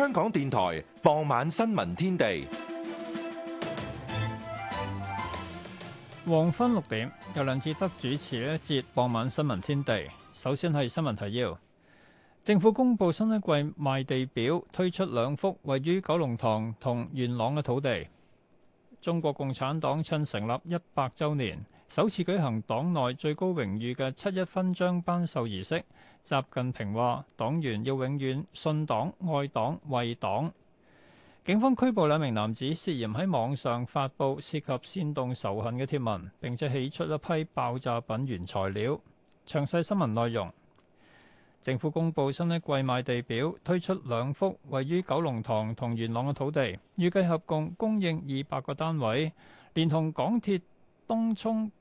香港電台傍晚新聞天地，黃昏六點由梁志德主持呢一節傍晚新聞天地。首先係新聞提要：政府公布新一季賣地表，推出兩幅位於九龍塘同元朗嘅土地。中國共產黨趁成立一百周年，首次舉行黨內最高榮譽嘅七一勳章頒授儀式。習近平話：黨員要永遠信黨、愛黨、為黨。警方拘捕兩名男子，涉嫌喺網上發布涉及煽動仇恨嘅貼文，並且起出一批爆炸品原材料。詳細新聞內容，政府公布新一季賣地表，推出兩幅位於九龍塘同元朗嘅土地，預計合共供應二百個單位，連同港鐵東涌。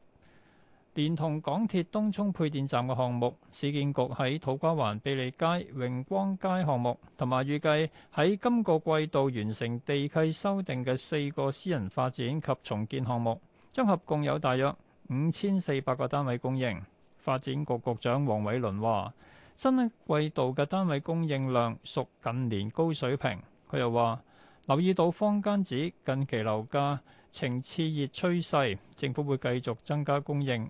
連同港鐵東涌配電站嘅項目，市建局喺土瓜灣庇利街、榮光街項目，同埋預計喺今個季度完成地契修訂嘅四個私人發展及重建項目，綜合共有大約五千四百個單位供應。發展局局長黃偉綸話，新一季度嘅單位供應量屬近年高水平。佢又話：留意到坊間指近期樓價呈熾熱趨勢，政府會繼續增加供應。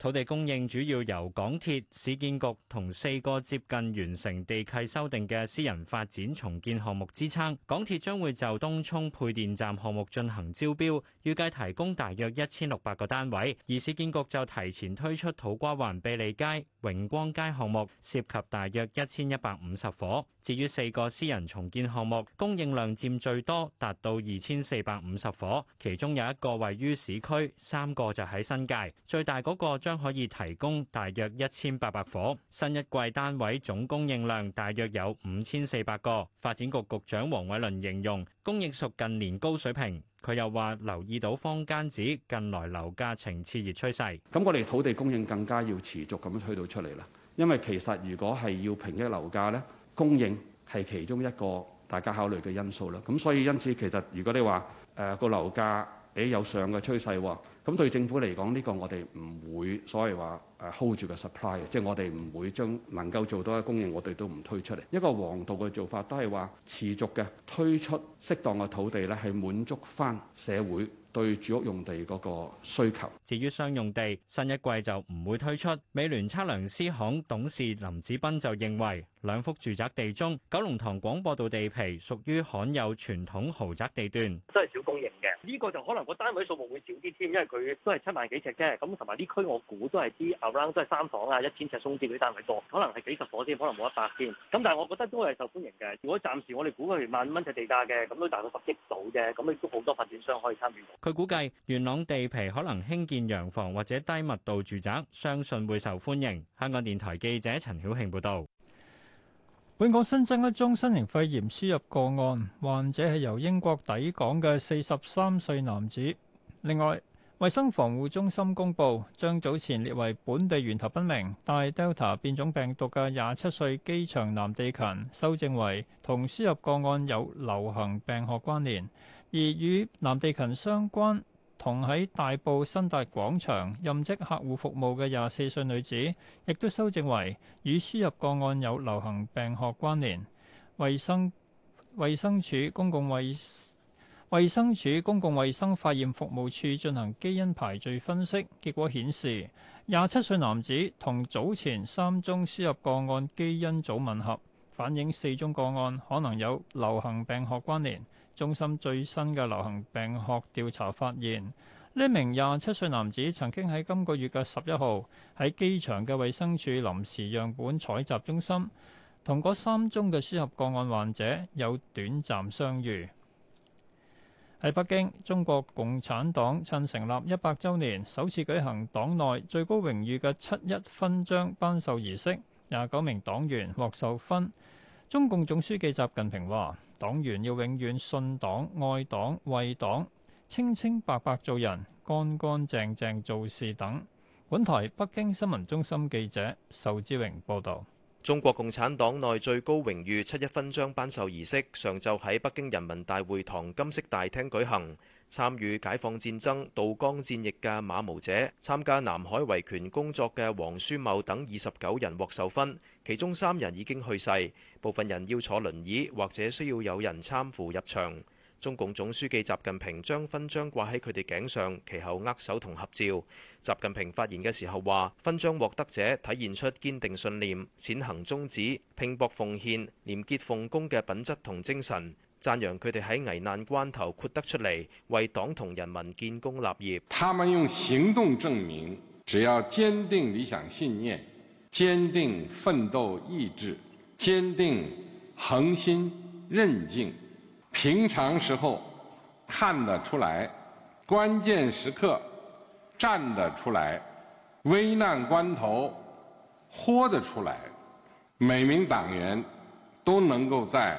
土地供應主要由港鐵、市建局同四個接近完成地契修訂嘅私人發展重建項目支撐。港鐵將會就東涌配電站項目進行招標，預計提供大約一千六百個單位。而市建局就提前推出土瓜灣庇利街、榮光街項目，涉及大約一千一百五十伙。至於四個私人重建項目，供應量佔最多，達到二千四百五十伙，其中有一個位於市區，三個就喺新界。最大嗰個將將可以提供大約一千八百伙，新一季單位總供應量大約有五千四百個。發展局局長黃偉綸形容供應屬近年高水平。佢又話留意到坊間指近來樓價呈熾熱趨勢，咁我哋土地供應更加要持續咁樣推到出嚟啦。因為其實如果係要平抑樓價呢，供應係其中一個大家考慮嘅因素啦。咁所以因此其實如果你話誒個樓價。誒、哎、有上嘅趨勢喎，咁對政府嚟講，呢、這個我哋唔會所謂話，所以話誒 hold 住嘅 supply，即係我哋唔會將能夠做到嘅供應，我哋都唔推出嚟。一個黃道嘅做法都係話持續嘅推出適當嘅土地呢，係滿足翻社會對住屋用地嗰個需求。至於商用地，新一季就唔會推出。美聯測量師行董事林子斌就認為，兩幅住宅地中，九龍塘廣播道地皮屬於罕有傳統豪宅地段，都係少供應，呢個就可能個單位數目會少啲添，因為佢都係七萬幾尺啫。咁，同埋呢區我估都係啲 around 都係三房啊，一千尺鬆啲嗰啲單位多，可能係幾十夥先，可能冇一百先。咁但係我覺得都係受歡迎嘅。如果暫時我哋估佢萬五蚊尺地價嘅，咁都大概十億到啫，咁亦都好多發展商可以參與。佢估計元朗地皮可能興建洋房或者低密度住宅，相信會受歡迎。香港電台記者陳曉慶報導。本港新增一宗新型肺炎輸入個案，患者係由英國抵港嘅四十三歲男子。另外，衛生防護中心公布，將早前列為本地源頭不明帶 Delta 變種病毒嘅廿七歲機場男地勤修正為同輸入個案有流行病學關聯，而與男地勤相關。同喺大埔新達廣場任職客戶服務嘅廿四歲女子，亦都修正為與輸入個案有流行病學關聯。衛生衛生署公共衛衛生署公共衛生化驗服務處進行基因排序分析，結果顯示廿七歲男子同早前三宗輸入個案基因組吻合，反映四宗個案可能有流行病學關聯。中心最新嘅流行病學調查發現，呢名廿七歲男子曾經喺今個月嘅十一號喺機場嘅衛生署臨時樣本採集中心同嗰三宗嘅輸入個案患者有短暫相遇。喺北京，中國共產黨趁成立一百周年，首次舉行黨內最高榮譽嘅七一勳章頒授儀式，廿九名黨員獲授勳，中共總書記習近平話。黨員要永遠信黨、愛黨、為黨，清清白白做人，乾乾淨淨做事等。本台北京新聞中心記者仇志榮報導，中國共產黨內最高榮譽七一勳章頒授儀式上晝喺北京人民大會堂金色大廳舉行。參與解放戰爭渡江戰役嘅馬毛姐、參加南海維權工作嘅黃書茂等二十九人獲授勳，其中三人已經去世，部分人要坐輪椅或者需要有人攙扶入場。中共總書記習近平將勳章掛喺佢哋頸上，其後握手同合照。習近平發言嘅時候話：勳章獲得者體現出堅定信念、踐行宗旨、拼搏奉獻、廉潔奉公嘅品質同精神。讚揚佢哋喺危難關頭豁得出嚟，為黨同人民建功立業。他們用行動證明，只要堅定理想信念、堅定奮鬥意志、堅定恆心韌勁，平常時候看得出來，關鍵時刻站得出來，危難關頭豁得出來，每名黨員都能夠在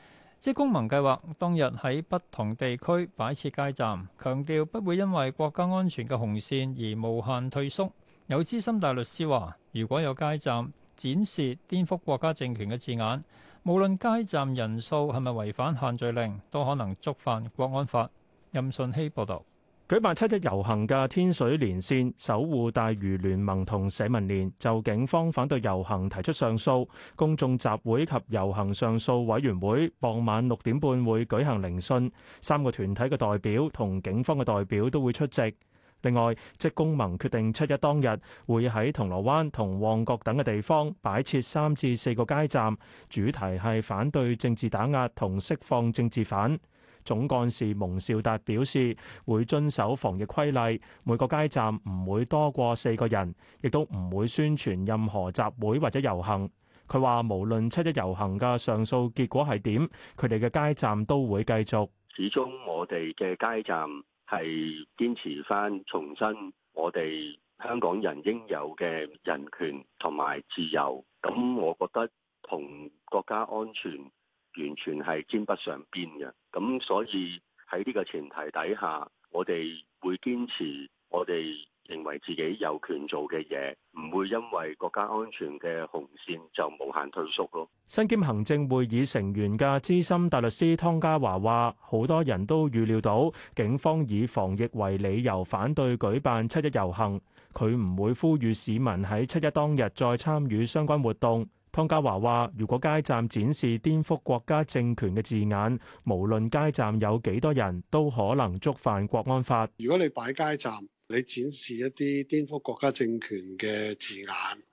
即公民計劃當日喺不同地區擺設街站，強調不會因為國家安全嘅紅線而無限退縮。有資深大律師話：如果有街站展示顛覆國家政權嘅字眼，無論街站人數係咪違反限聚令，都可能觸犯國安法。任信希報導。舉辦七一遊行嘅天水連線、守護大嶼聯盟同社民連就警方反對遊行提出上訴。公眾集會及遊行上訴委員會傍晚六點半會舉行聆訊，三個團體嘅代表同警方嘅代表都會出席。另外，職工盟決定七一當日會喺銅鑼灣同旺角等嘅地方擺設三至四個街站，主題係反對政治打壓同釋放政治犯。總幹事蒙兆達表示，會遵守防疫規例，每個街站唔會多過四個人，亦都唔會宣傳任何集會或者遊行。佢話：無論七一遊行嘅上訴結果係點，佢哋嘅街站都會繼續。始終我哋嘅街站係堅持返重申我哋香港人應有嘅人權同埋自由。咁我覺得同國家安全，完全係沾不上邊嘅，咁所以喺呢個前提底下，我哋會堅持我哋認為自己有權做嘅嘢，唔會因為國家安全嘅紅線就無限退縮咯。身兼行政會議成員嘅資深大律師湯家驊話，好多人都預料到警方以防疫為理由反對舉辦七一遊行，佢唔會呼籲市民喺七一當日再參與相關活動。湯家驊話，如果街站展示顛覆國家政權嘅字眼，無論街站有幾多人都可能觸犯國安法。如果你擺街站，你展示一啲顛覆國家政權嘅字眼，誒、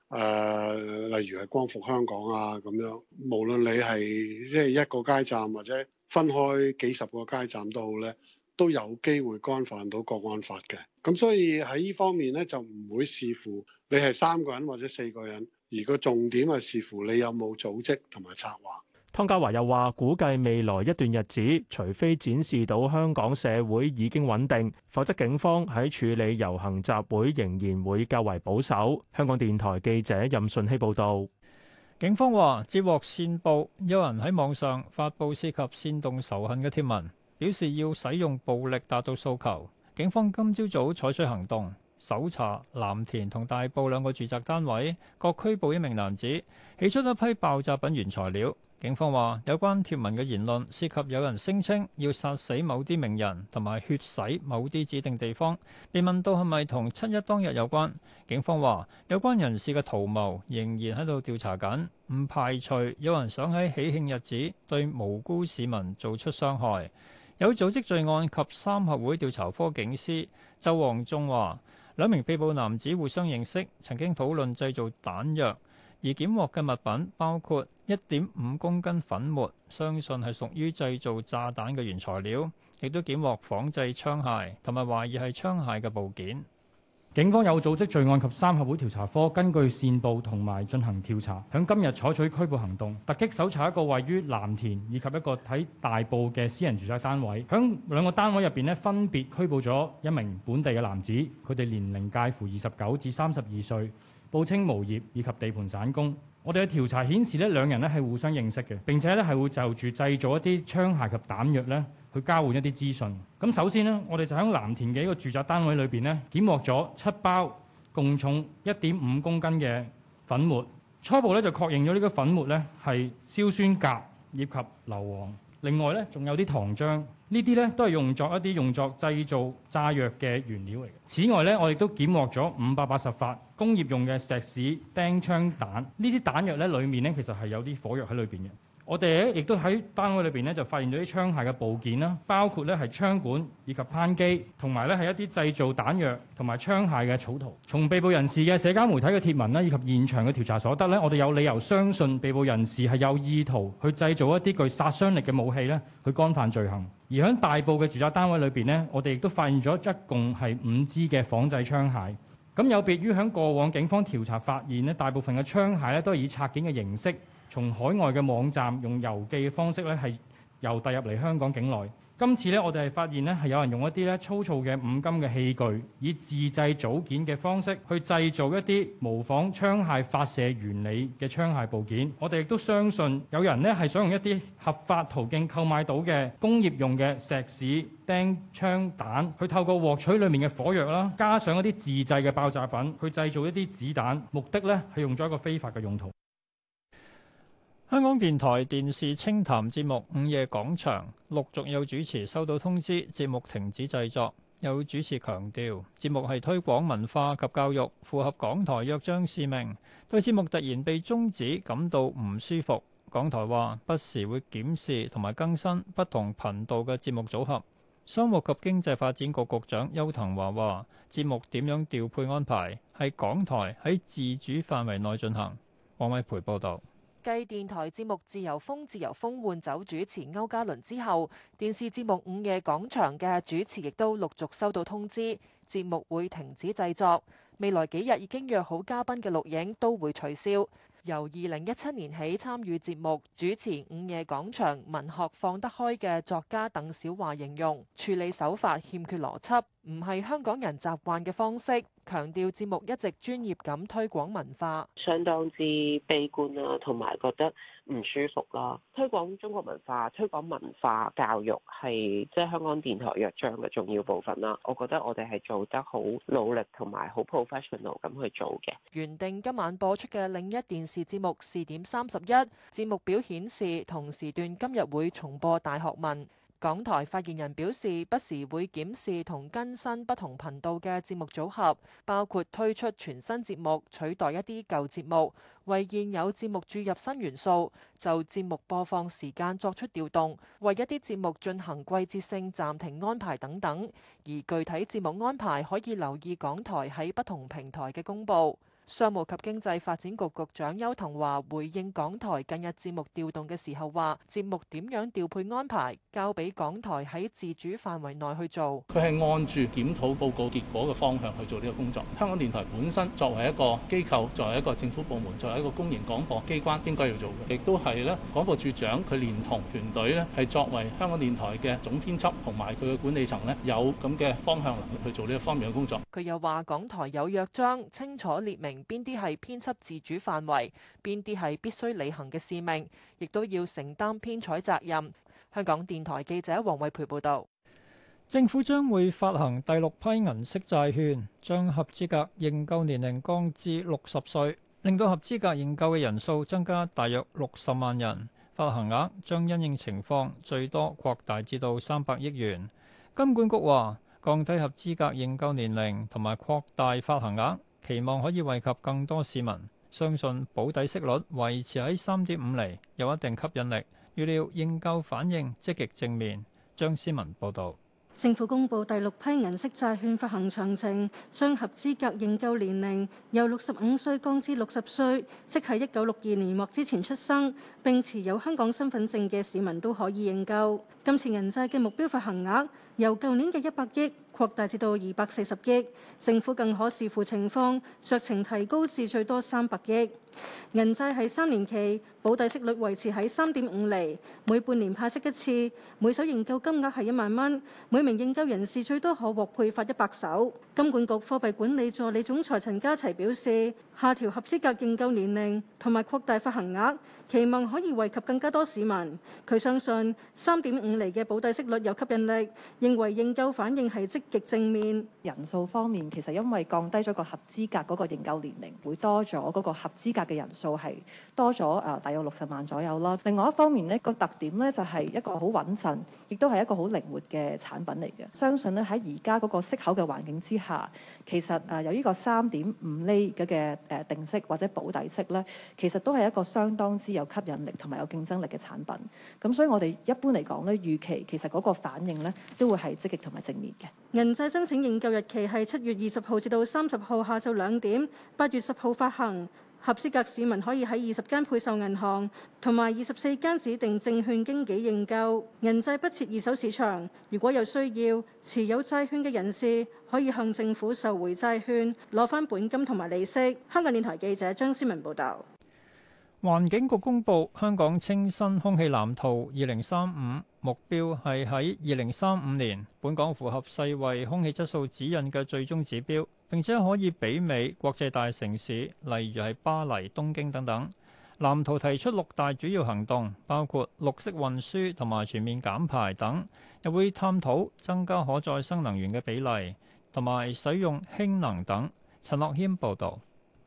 呃，例如係光復香港啊咁樣，無論你係即係一個街站或者分開幾十個街站都好咧，都有機會干犯到國安法嘅。咁所以喺呢方面咧，就唔會視乎你係三個人或者四個人。而個重點係視乎你有冇組織同埋策劃。湯家驊又話，估計未來一段日子，除非展示到香港社會已經穩定，否則警方喺處理遊行集會仍然會較為保守。香港電台記者任順希報導。警方話：接獲線報，有人喺網上發佈涉及煽動仇恨嘅帖文，表示要使用暴力達到訴求。警方今朝早採取行動。搜查藍田同大埔兩個住宅單位，各拘捕一名男子，起出一批爆炸品原材料。警方話：有關貼文嘅言論涉及有人聲稱要殺死某啲名人，同埋血洗某啲指定地方。被問到係咪同七一當日有關，警方話：有關人士嘅圖謀仍然喺度調查緊，唔排除有人想喺喜慶日子對無辜市民做出傷害。有組織罪案及三合會調查科警司周王忠話。兩名被捕男子互相認識，曾經討論製造彈藥，而檢獲嘅物品包括一點五公斤粉末，相信係屬於製造炸彈嘅原材料，亦都檢獲仿製槍械，同埋懷疑係槍械嘅部件。警方有組織罪案及三合會調查科根據線報同埋進行調查，響今日採取拘捕行動，突擊搜查一個位於藍田以及一個喺大埔嘅私人住宅單位。響兩個單位入邊分別拘捕咗一名本地嘅男子，佢哋年齡介乎二十九至三十二歲，報稱無業以及地盤散工。我哋嘅調查顯示咧，兩人咧係互相認識嘅，並且咧係會就住製造一啲槍械及彈藥。去交換一啲資訊。咁首先呢，我哋就喺藍田嘅一個住宅單位裏面咧，檢獲咗七包共重一點五公斤嘅粉末。初步咧就確認咗呢個粉末咧係硝酸鉀以及硫磺。另外咧仲有啲糖漿。呢啲咧都係用作一啲用作製造炸藥嘅原料嚟嘅。此外咧，我哋都檢獲咗五百八十發工業用嘅石屎釘槍彈。呢啲彈藥咧裏面咧其實係有啲火藥喺裏面嘅。我哋亦都喺單位裏邊呢就發現咗啲槍械嘅部件啦，包括呢係槍管以及扳機，同埋呢係一啲製造彈藥同埋槍械嘅草圖。從被捕人士嘅社交媒體嘅貼文啦，以及現場嘅調查所得呢，我哋有理由相信被捕人士係有意圖去製造一啲具殺傷力嘅武器呢，去干犯罪行。而喺大埔嘅住宅單位裏邊呢，我哋亦都發現咗一共係五支嘅仿製槍械。咁有別於喺過往警方調查發現呢，大部分嘅槍械呢都係以拆件嘅形式，從海外嘅網站用郵寄嘅方式咧，係郵遞入嚟香港境內。今次咧，我哋係發現呢，係有人用一啲咧粗糙嘅五金嘅器具，以自製組件嘅方式去製造一啲模仿槍械發射原理嘅槍械部件。我哋亦都相信有人呢係想用一啲合法途徑購買到嘅工業用嘅石屎釘、槍彈，去透過獲取裏面嘅火藥啦，加上一啲自製嘅爆炸品，去製造一啲子彈，目的咧係用咗一個非法嘅用途。香港電台電視清談節目《午夜廣場》陸續有主持收到通知，節目停止製作。有主持強調，節目係推廣文化及教育，符合港台約章使命。對節目突然被終止感到唔舒服。港台話不時會檢視同埋更新不同頻道嘅節目組合。商務及經濟發展局局長邱騰華話：節目點樣調配安排係港台喺自主範圍內進行。王偉培報導。繼電台節目《自由風自由風》換走主持區家麟之後，電視節目《午夜廣場》嘅主持亦都陸續收到通知，節目會停止製作。未來幾日已經約好嘉賓嘅錄影都會取消。由二零一七年起參與節目主持《午夜廣場》文學放得開嘅作家鄧小樺形容處理手法欠缺邏輯。唔係香港人習慣嘅方式，強調節目一直專業咁推廣文化，相當之悲觀啊，同埋覺得唔舒服啦。推廣中國文化、推廣文化教育係即係香港電台約章嘅重要部分啦。我覺得我哋係做得好努力同埋好 professional 咁去做嘅。原定今晚播出嘅另一電視節目《視點三十一》，節目表顯示同時段今日會重播《大學問》。港台發言人表示，不時會檢視同更新不同頻道嘅節目組合，包括推出全新節目取代一啲舊節目，為現有節目注入新元素，就節目播放時間作出調動，為一啲節目進行季節性暫停安排等等。而具體節目安排可以留意港台喺不同平台嘅公布。商務及經濟發展局局長邱騰華回應港台近日節目調動嘅時候話：節目點樣調配安排，交俾港台喺自主範圍內去做。佢係按住檢討報告結果嘅方向去做呢個工作。香港電台本身作為一個機構，作為一個政府部門，作為一個公營廣播機關，應該要做嘅，亦都係呢廣播處長佢連同團隊呢係作為香港電台嘅總編輯同埋佢嘅管理層呢有咁嘅方向能力去做呢個方面嘅工作。佢又話港台有約章，清楚列明。邊啲係編輯自主範圍，邊啲係必須履行嘅使命，亦都要承擔編採責任。香港電台記者黃惠培報導。政府將會發行第六批銀色債券，將合資格認購年齡降至六十歲，令到合資格認購嘅人數增加大約六十萬人。發行額將因應情況最多擴大至到三百億元。金管局話，降低合資格認購年齡同埋擴大發行額，期望可以惠及更多市民，相信保底息率維持喺三點五厘有一定吸引力。預料認購反應積極正面。張思文報道。政府公布第六批銀色債券發行詳情，將合資格認購年齡由六十五歲降至六十歲，即係一九六二年或之前出生並持有香港身份證嘅市民都可以認購，今次銀債嘅目標發行額由舊年嘅一百億。擴大至到二百四十億，政府更可視乎情況酌情提高至最多三百億。銀債係三年期，保底息率維持喺三點五厘，每半年派息一次，每手認購金額係一萬蚊，每名認購人士最多可獲配發一百手。金管局貨幣管理助理總裁陳家齊表示，下調合資格認購年齡同埋擴大發行額，期望可以惠及更加多市民，佢相信三點五厘嘅保底息率有吸引力，認為認購反應係積極正面。人數方面，其實因為降低咗個合資格嗰個認購年齡會多咗嗰個合資格嘅人數係多咗誒，大約六十萬左右啦。另外一方面咧，個特點咧就係一個好穩陣，亦都係一個好靈活嘅產品嚟嘅。相信咧喺而家嗰個息口嘅環境之下，其實誒有呢個三點五厘嘅、嘅誒定息或者保底息咧，其實都係一個相當之。有吸引力同埋有競爭力嘅產品，咁所以我哋一般嚟講呢，預期其實嗰個反應呢都會係積極同埋正面嘅。銀債申請認購日期係七月二十號至到三十號下晝兩點，八月十號發行。合資格市民可以喺二十間配售銀行同埋二十四間指定證券經紀認購。銀債不設二手市場。如果有需要持有債券嘅人士，可以向政府受回債券攞返本金同埋利息。香港電台記者張思文報道。環境局公布香港清新空氣藍圖，二零三五目標係喺二零三五年，本港符合世衛空氣質素指引嘅最終指標，並且可以媲美國際大城市，例如係巴黎、東京等等。藍圖提出六大主要行動，包括綠色運輸同埋全面減排等，又會探討增加可再生能源嘅比例，同埋使用氫能等。陳樂軒報導。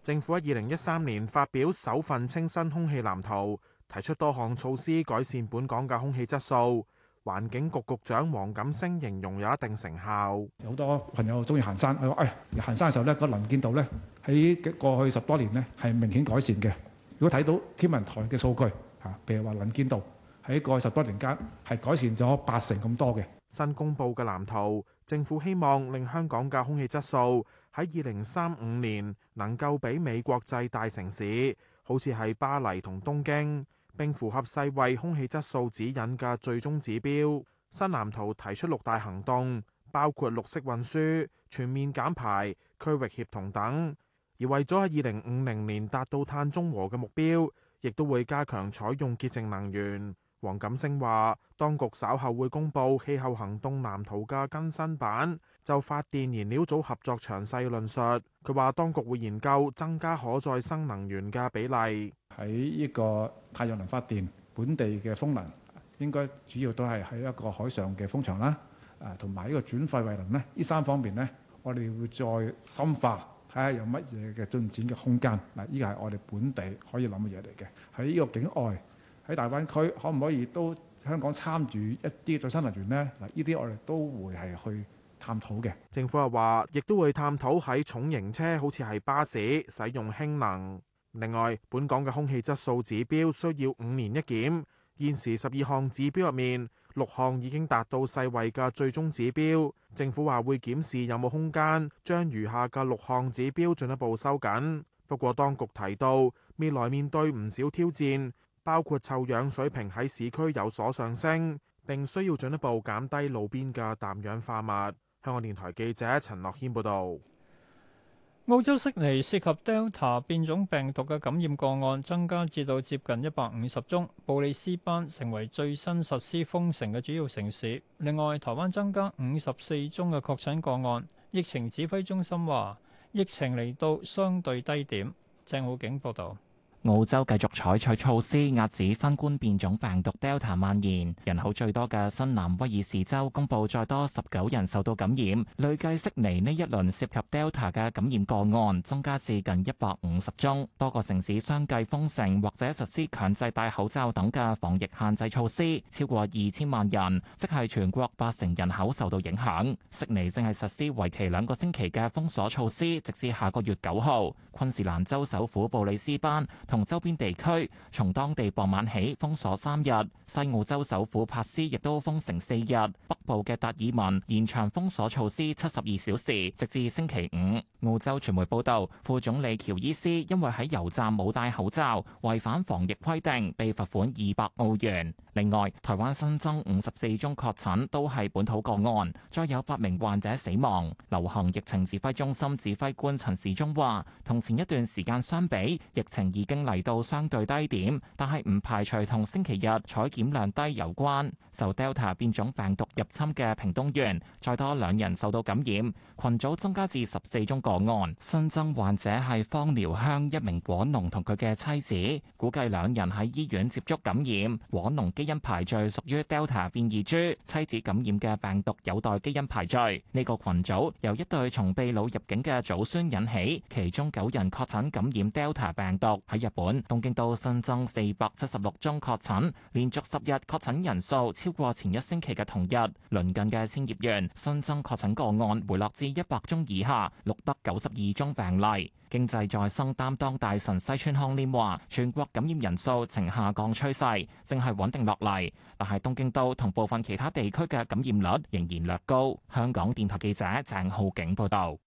政府喺二零一三年發表首份清新空氣藍圖，提出多項措施改善本港嘅空氣質素。環境局局長黃錦星形容有一定成效。有好多朋友鍾意行山，佢話，哎，行山嘅時候呢，個能見度呢，喺過去十多年呢係明顯改善嘅。如果睇到天文台嘅數據，嚇，譬如話能見度喺過去十多年間係改善咗八成咁多嘅。新公布嘅藍圖，政府希望令香港嘅空氣質素，喺二零三五年，能夠媲美國際大城市，好似係巴黎同東京，並符合世衛空氣質素指引嘅最終指標。新藍圖提出六大行動，包括綠色運輸、全面減排、區域協同等。而為咗喺二零五零年達到碳中和嘅目標，亦都會加強採用潔淨能源。黃錦星話：當局稍後會公布氣候行動藍圖嘅更新版，就發電燃料組合作詳細論述。佢話當局會研究增加可再生能源嘅比例。喺呢個太陽能發電，本地嘅風能應該主要都係喺一個海上嘅風場啦。啊，同埋呢個轉廢為能咧，呢三方面呢，我哋會再深化，睇下有乜嘢嘅進展嘅空間。嗱，呢個係我哋本地可以諗嘅嘢嚟嘅，喺呢個境外。喺大灣區可唔可以都香港參與一啲再生能源呢？嗱，呢啲我哋都會係去探討嘅。政府又話亦都會探討喺重型車好似係巴士使用氫能。另外，本港嘅空氣質素指標需要五年一檢，現時十二項指標入面六項已經達到世衛嘅最終指標，政府話會檢視有冇空間將餘下嘅六項指標進一步收緊。不過當局提到未來面對唔少挑戰。包括臭氧水平喺市區有所上升，並需要進一步減低路邊嘅氮氧化物。香港電台記者陳樂謙報道。澳洲悉尼涉及 Delta 變種病毒嘅感染個案增加至到接近一百五十宗，布里斯班成為最新實施封城嘅主要城市。另外，台灣增加五十四宗嘅確診個案。疫情指揮中心話，疫情嚟到相對低點。鄭浩景報道。澳洲繼續採取措施壓止新冠變種病毒 Delta 蔓延。人口最多嘅新南威爾士州公布再多十九人受到感染，累計悉尼呢一輪涉及 Delta 嘅感染個案增加至近一百五十宗。多個城市相繼封城或者實施強制戴口罩等嘅防疫限制措施，超過二千萬人，即係全國八成人口受到影響。悉尼正係實施為期兩個星期嘅封鎖措施，直至下個月九號。昆士蘭州首府布里斯班。同周邊地區從當地傍晚起封鎖三日，西澳洲首府珀斯亦都封城四日，北部嘅達爾文延長封鎖措施七十二小時，直至星期五。澳洲傳媒報道，副總理喬伊斯因為喺油站冇戴口罩，違反防疫規定，被罰款二百澳元。另外，台灣新增五十四宗確診，都係本土個案，再有八名患者死亡。流行疫情指揮中心指揮官陳時中話，同前一段時間相比，疫情已經嚟到相對低點，但係唔排除同星期日採檢量低有關。受 Delta 變種病毒入侵嘅屏東縣再多兩人受到感染，群組增加至十四宗個案。新增患者係枋寮鄉一名果農同佢嘅妻子，估計兩人喺醫院接觸感染。果農基因排序屬於 Delta 變異株，妻子感染嘅病毒有待基因排序。呢個群組由一對從秘魯入境嘅祖孫引起，其中九人確診感染 Delta 病毒喺入。本東京都新增四百七十六宗確診，連續十日確診人數超過前一星期嘅同日。鄰近嘅千葉縣新增確診個案回落至一百宗以下，錄得九十二宗病例。經濟再生擔當大臣西村康稔話全國感染人數呈下降趨勢，正係穩定落嚟。但係東京都同部分其他地區嘅感染率仍然略高。香港電台記者鄭浩景報道。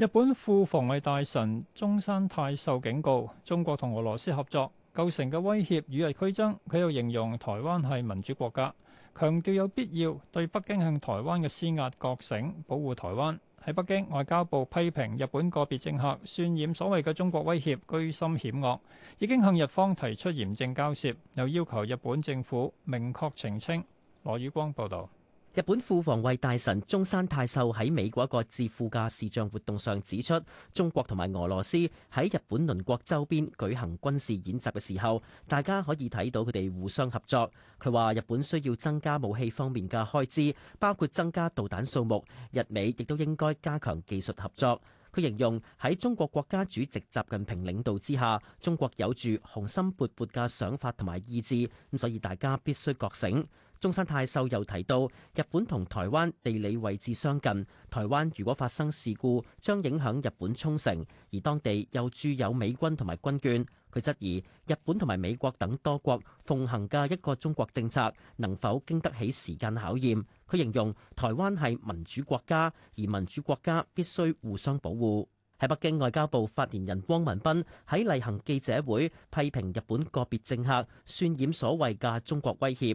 日本副防衛大臣中山泰秀警告，中國同俄羅斯合作構成嘅威脅與日俱增。佢又形容台灣係民主國家，強調有必要對北京向台灣嘅施壓覺醒，保護台灣。喺北京外交部批評日本個別政客渲染所謂嘅中國威脅居心險惡，已經向日方提出嚴正交涉，又要求日本政府明確澄清。羅宇光報道。日本副防衛大臣中山泰秀喺美國一個智庫嘅視像活動上指出，中國同埋俄羅斯喺日本鄰國周邊舉行軍事演習嘅時候，大家可以睇到佢哋互相合作。佢話日本需要增加武器方面嘅開支，包括增加導彈數目。日美亦都應該加強技術合作。佢形容喺中國國家主席習近平領導之下，中國有住雄心勃勃嘅想法同埋意志，咁所以大家必須覺醒。中山泰秀又提到，日本同台灣地理位置相近，台灣如果發生事故，將影響日本沖繩，而當地又駐有美軍同埋軍眷。佢質疑日本同埋美國等多國奉行嘅一個中國政策能否經得起時間考驗，佢形容台灣係民主國家，而民主國家必須互相保護，喺北京外交部發言人汪文斌喺例行記者會批評日本個別政客渲染所謂嘅中國威脅。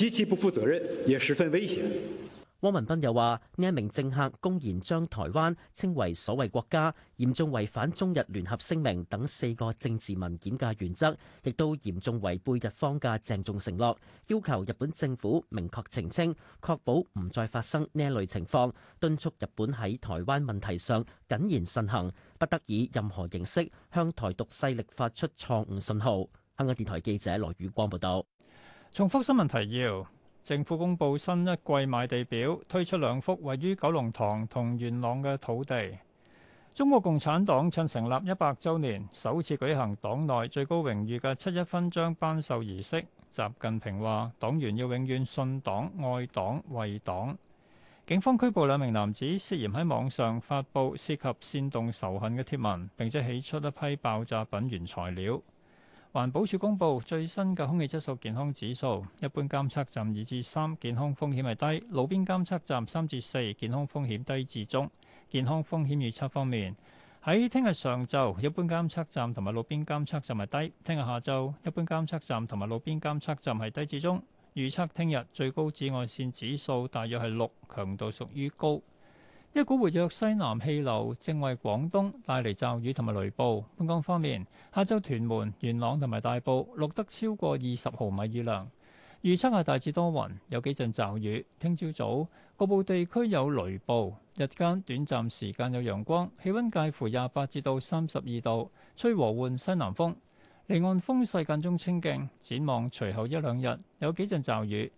極其不負責任，也十分危險。汪文斌又話：呢一名政客公然將台灣稱為所謂國家，嚴重違反中日聯合聲明等四個政治文件嘅原則，亦都嚴重違背日方嘅鄭重承諾。要求日本政府明確澄清，確保唔再發生呢一類情況，敦促日本喺台灣問題上謹言慎行，不得以任何形式向台獨勢力發出錯誤信號。香港電台記者羅宇光報道。重複新聞提要：政府公布新一季賣地表，推出兩幅位於九龍塘同元朗嘅土地。中國共產黨趁成立一百周年，首次舉行黨內最高榮譽嘅七一勳章頒授儀式。習近平話，黨員要永遠信黨、愛黨、為黨。警方拘捕兩名男子，涉嫌喺網上發布涉及煽動仇恨嘅貼文，並且起出一批爆炸品原材料。環保署公布最新嘅空氣質素健康指數，一般監測站二至三，健康風險係低；路邊監測站三至四，健康風險低至中。健康風險預測方面，喺聽日上晝，一般監測站同埋路邊監測站係低；聽日下晝，一般監測站同埋路邊監測站係低至中。預測聽日最高紫外線指數大約係六，強度屬於高。一股活躍西南氣流正為廣東帶嚟驟雨同埋雷暴。本港方面，下晝屯門、元朗同埋大埔錄得超過二十毫米雨量。預測係大致多雲，有幾陣驟雨。聽朝早局部地區有雷暴，日間短暫時間有陽光，氣温介乎廿八至到三十二度，吹和緩西南風。離岸風勢間中清勁。展望隨後一兩日有幾陣驟雨，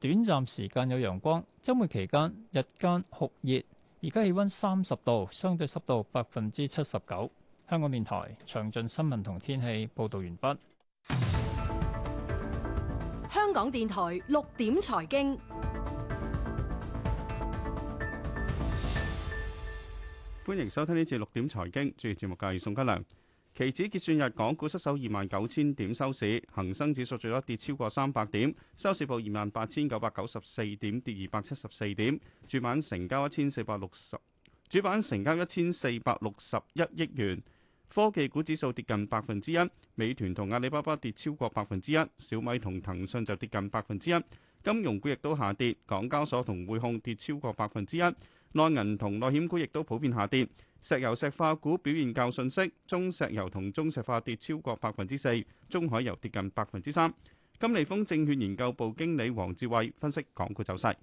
短暫時間有陽光。周末期間日間酷熱。而家氣溫三十度，相對濕度百分之七十九。香港電台詳盡新聞同天氣報道完畢。香港電台六點財經，歡迎收聽呢次六點財經，主持節目嘅係宋家良。期指結算日，港股失守二萬九千點收市，恒生指數最多跌超過三百點，收市報二萬八千九百九十四點，跌二百七十四點。主板成交一千四百六十，主板成交一千四百六十，主板成交一千四百六十一億元。科技股指數跌近百分之一，美團同阿里巴巴跌超過百分之一，小米同騰訊就跌近百分之一。金融股亦都下跌，港交所同匯控跌超過百分之一。內銀同內險股亦都普遍下跌，石油石化股表現較遜色，中石油同中石化跌超過百分之四，中海油跌近百分之三。金利豐證券研究部經理黃志慧分析港股走勢。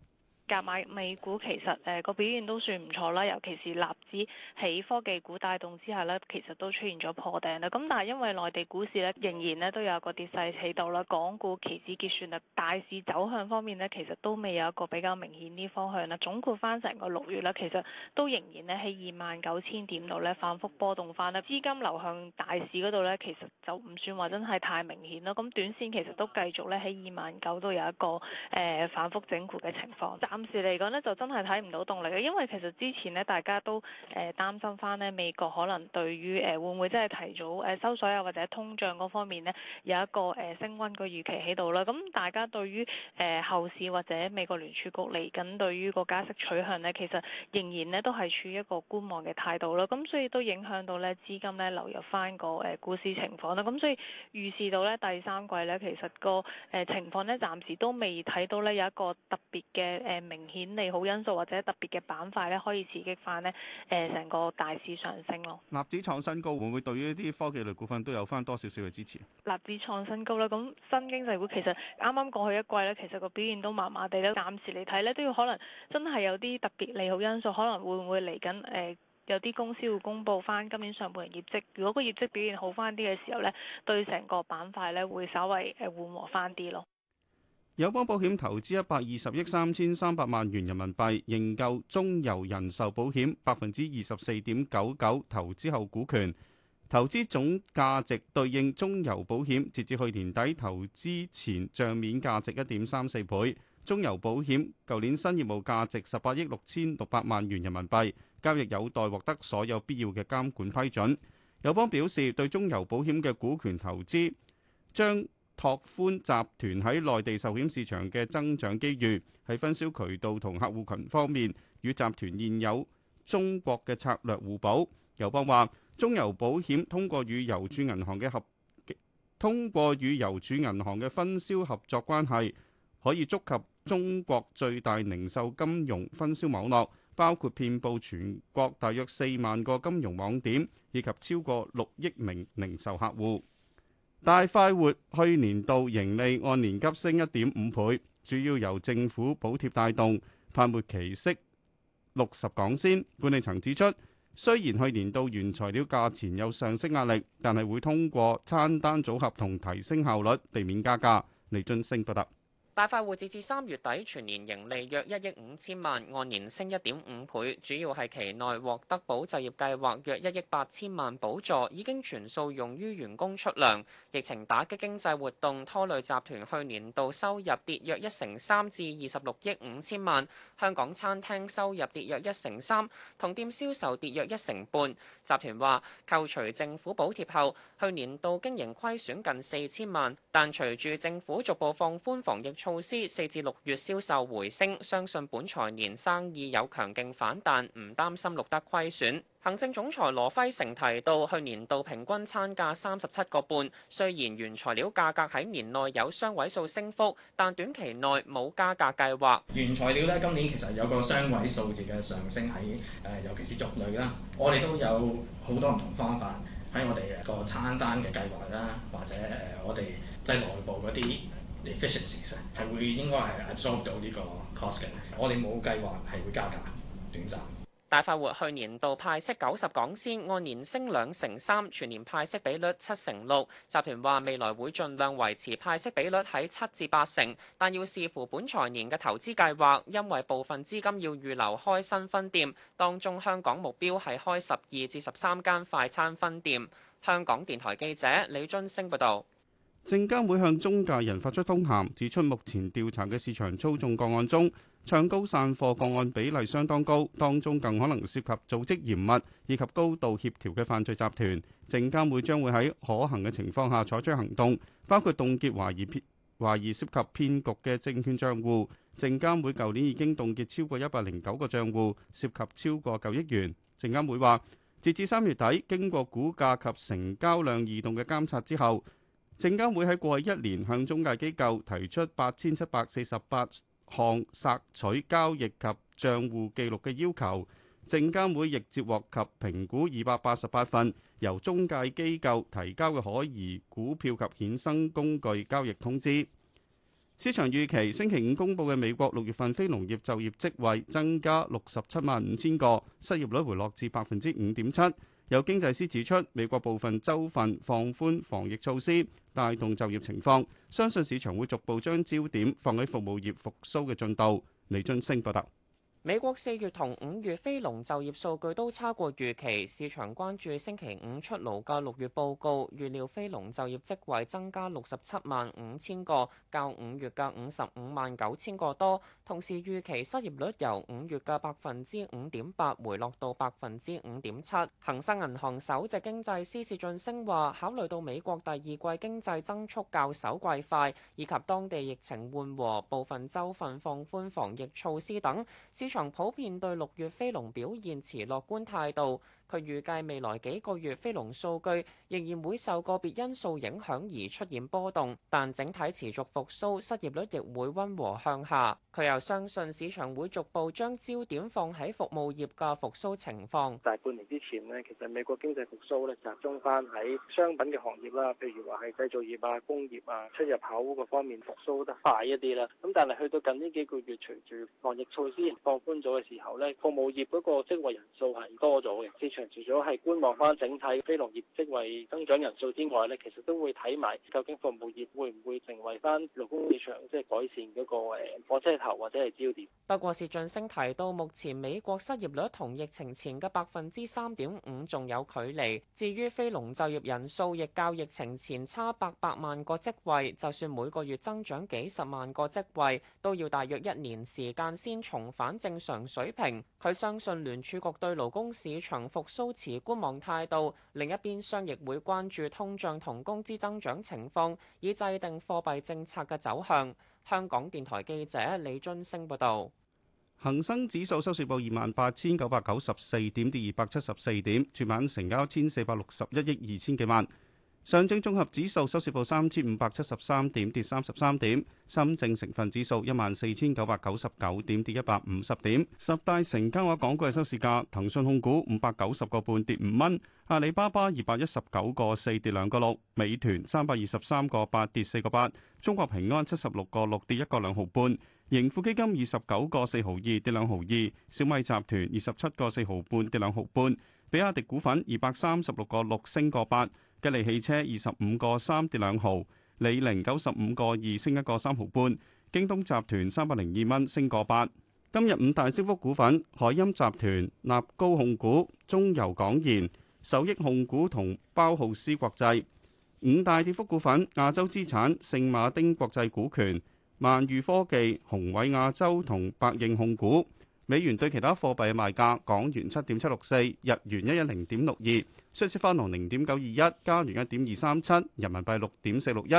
夾埋美股其實誒個表現都算唔錯啦，尤其是納指喺科技股帶動之下呢，其實都出現咗破頂啦。咁但係因為內地股市呢，仍然呢都有一個跌勢喺度啦，港股期指結算啦，大市走向方面呢，其實都未有一個比較明顯啲方向啦。總括翻成個六月呢，其實都仍然呢喺二萬九千點度呢，反覆波動翻啦，資金流向大市嗰度呢，其實就唔算話真係太明顯啦。咁短線其實都繼續呢，喺二萬九都有一個、呃、反覆整固嘅情況。暫時嚟講呢，就真係睇唔到動力嘅，因為其實之前呢，大家都誒擔心翻呢美國可能對於誒會唔會真係提早誒收水啊，或者通脹嗰方面呢，有一個誒升溫個預期喺度啦。咁大家對於誒後市或者美國聯儲局嚟緊對於個加息取向呢，其實仍然呢都係處於一個觀望嘅態度啦。咁所以都影響到呢資金呢流入翻個誒股市情況啦。咁所以預示到呢第三季呢，其實個誒情況呢暫時都未睇到呢有一個特別嘅誒。明顯利好因素或者特別嘅板塊咧，可以刺激翻咧誒成個大市上升咯。納指創新高，會唔會對於啲科技類股份都有翻多少少嘅支持？納指創新高咧，咁新經濟股其實啱啱過去一季咧，其實個表現都麻麻地咧。暫時嚟睇咧，都要可能真係有啲特別利好因素，可能會唔會嚟緊誒有啲公司會公布翻今年上半年業績？如果個業績表現好翻啲嘅時候咧，對成個板塊咧會稍微誒緩和翻啲咯。友邦保險投資一百二十億三千三百萬元人民幣，認購中郵人壽保險百分之二十四點九九投資後股權，投資總價值對應中郵保險截至去年底投資前帳面價值一點三四倍。中郵保險舊年新業務價值十八億六千六百萬元人民幣，交易有待獲得所有必要嘅監管批准。友邦表示，對中郵保險嘅股權投資將拓寬集團喺內地壽險市場嘅增長機遇，喺分銷渠道同客戶群方面，與集團現有中國嘅策略互補。友邦話，中郵保險通過與郵儲銀行嘅合，通過與郵儲銀行嘅分銷合作關係，可以觸及中國最大零售金融分銷網絡，包括遍布全國大約四萬個金融網點以及超過六億名零售客戶。大快活去年度盈利按年急升一點五倍，主要由政府補貼帶動，發末期息六十港仙。管理層指出，雖然去年度原材料價錢有上升壓力，但係會通過餐單組合同提升效率，避免加價，李津升報道。大快活截至三月底全年盈利約一億五千萬，按年升一點五倍，主要係期內獲得保就業計劃約一億八千萬補助，已經全數用於員工出糧。疫情打擊經濟活動拖累集團去年度收入跌約一成三至二十六億五千萬。香港餐廳收入跌約一成三，同店銷售跌約一成半。集團話扣除政府補貼後，去年度經營虧損近四千萬，但隨住政府逐步放寬防疫。措施四至六月銷售回升，相信本財年生意有強勁反彈，唔擔心錄得虧損。行政總裁羅輝成提到，去年度平均餐價三十七個半，雖然原材料價格喺年內有雙位數升幅，但短期內冇加價計劃。原材料咧，今年其實有個雙位數字嘅上升喺誒，尤其是肉類啦，我哋都有好多唔同方法喺我哋個餐單嘅計劃啦，或者誒我哋喺內部嗰啲。efficiencies 啊，係會應該係 absorb 到呢個 cost 嘅。我哋冇計劃係會加價短暫。大快活去年度派息九十港仙，按年升兩成三，全年派息比率七成六。集團話未來會盡量維持派息比率喺七至八成，但要視乎本財年嘅投資計劃，因為部分資金要預留開新分店，當中香港目標係開十二至十三間快餐分店。香港電台記者李津升報道。證監會向中介人發出通函，指出目前調查嘅市場操縱個案中，唱高散貨個案比例相當高，當中更可能涉及組織嚴密以及高度協調嘅犯罪集團。證監會將會喺可行嘅情況下採取行動，包括凍結懷疑騙懷疑涉及騙局嘅證券帳戶。證監會舊年已經凍結超過一百零九個帳戶，涉及超過九億元。證監會話，截至三月底，經過股價及成交量異動嘅監察之後。證監會喺過去一年向中介機構提出八千七百四十八項索取交易及帳戶記錄嘅要求，證監會亦接獲及評估二百八十八份由中介機構提交嘅可疑股票及衍生工具交易通知。市場預期星期五公佈嘅美國六月份非農業就業職位增加六十七萬五千個，失業率回落至百分之五點七。有經濟師指出，美國部分州份放寬防疫措施，帶動就業情況，相信市場會逐步將焦點放喺服務業復甦嘅進度。李俊升報道。美國四月同五月非農就業數據都差過預期，市場關注星期五出爐嘅六月報告，預料非農就業職位增加六十七萬五千個，較五月嘅五十五萬九千個多。同時預期失業率由五月嘅百分之五點八回落到百分之五點七。恒生銀行首席經濟師薛俊升話：考慮到美國第二季經濟增速較首季快，以及當地疫情緩和、部分州份放寬防疫措施等，市場曾普遍對六月飛龍表現持樂觀態度。佢預計未來幾個月非農數據仍然會受個別因素影響而出現波動，但整體持續復甦，失業率亦會温和向下。佢又相信市場會逐步將焦點放喺服務業嘅復甦情況。大半年之前呢，其實美國經濟復甦咧集中翻喺商品嘅行業啦，譬如話係製造業啊、工業啊、出入口嗰方面復甦得快一啲啦。咁但係去到近呢幾個月，隨住防疫措施放寬咗嘅時候呢，服務業嗰個職位人數係多咗嘅。除咗係觀望翻整體非農業職位增長人數之外呢，其實都會睇埋究竟服務業會唔會成為翻勞工市場即係、就是、改善嗰個誒火車頭或者係焦點。不過，薛俊升提到，目前美國失業率同疫情前嘅百分之三點五仲有距離。至於非農就業人數，亦較疫情前差八百萬個職位。就算每個月增長幾十萬個職位，都要大約一年時間先重返正常水平。佢相信聯儲局對勞工市場復保持觀望態度，另一邊商亦會關注通脹同工資增長情況，以制定貨幣政策嘅走向。香港電台記者李津升報導。恒生指數收市報二萬八千九百九十四點，跌二百七十四點，全晚成交一千四百六十一億二千幾萬。上證綜合指數收市報三千五百七十三點，跌三十三點；深證成分指數一萬四千九百九十九點，跌一百五十點。十大成交額港股嘅收市價：騰訊控股五百九十個半跌五蚊；阿里巴巴二百一十九個四跌兩個六；美團三百二十三個八跌四個八；中國平安七十六個六跌一個兩毫半；盈富基金二十九個四毫二跌兩毫二；小米集團二十七個四毫半跌兩毫半；比亞迪股份二百三十六個六升個八。一吉利汽車二十五個三跌兩毫，李寧九十五個二升一個三毫半，京東集團三百零二蚊升個八。今日五大升幅股份：海鑫集團、立高控股、中油港燃、首益控股同包浩斯國際。五大跌幅股份：亞洲資產、聖馬丁國際股權、萬裕科技、雄偉亞洲同百應控股。美元對其他貨幣嘅賣價，港元七點七六四，日元一一零點六二，瑞士法郎零點九二一，加元一點二三七，人民幣六點四六一，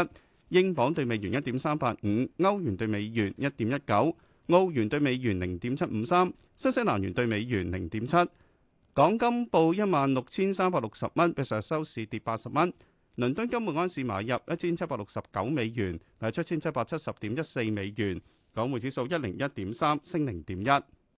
英鎊對美元一點三八五，歐元對美元一點一九，澳元對美元零點七五三，新西蘭元對美元零點七。港金報一萬六千三百六十蚊，比上日收市跌八十蚊。倫敦金每安士買入一千七百六十九美元，賣出一千七百七十點一四美元。港匯指數一零一點三，升零點一。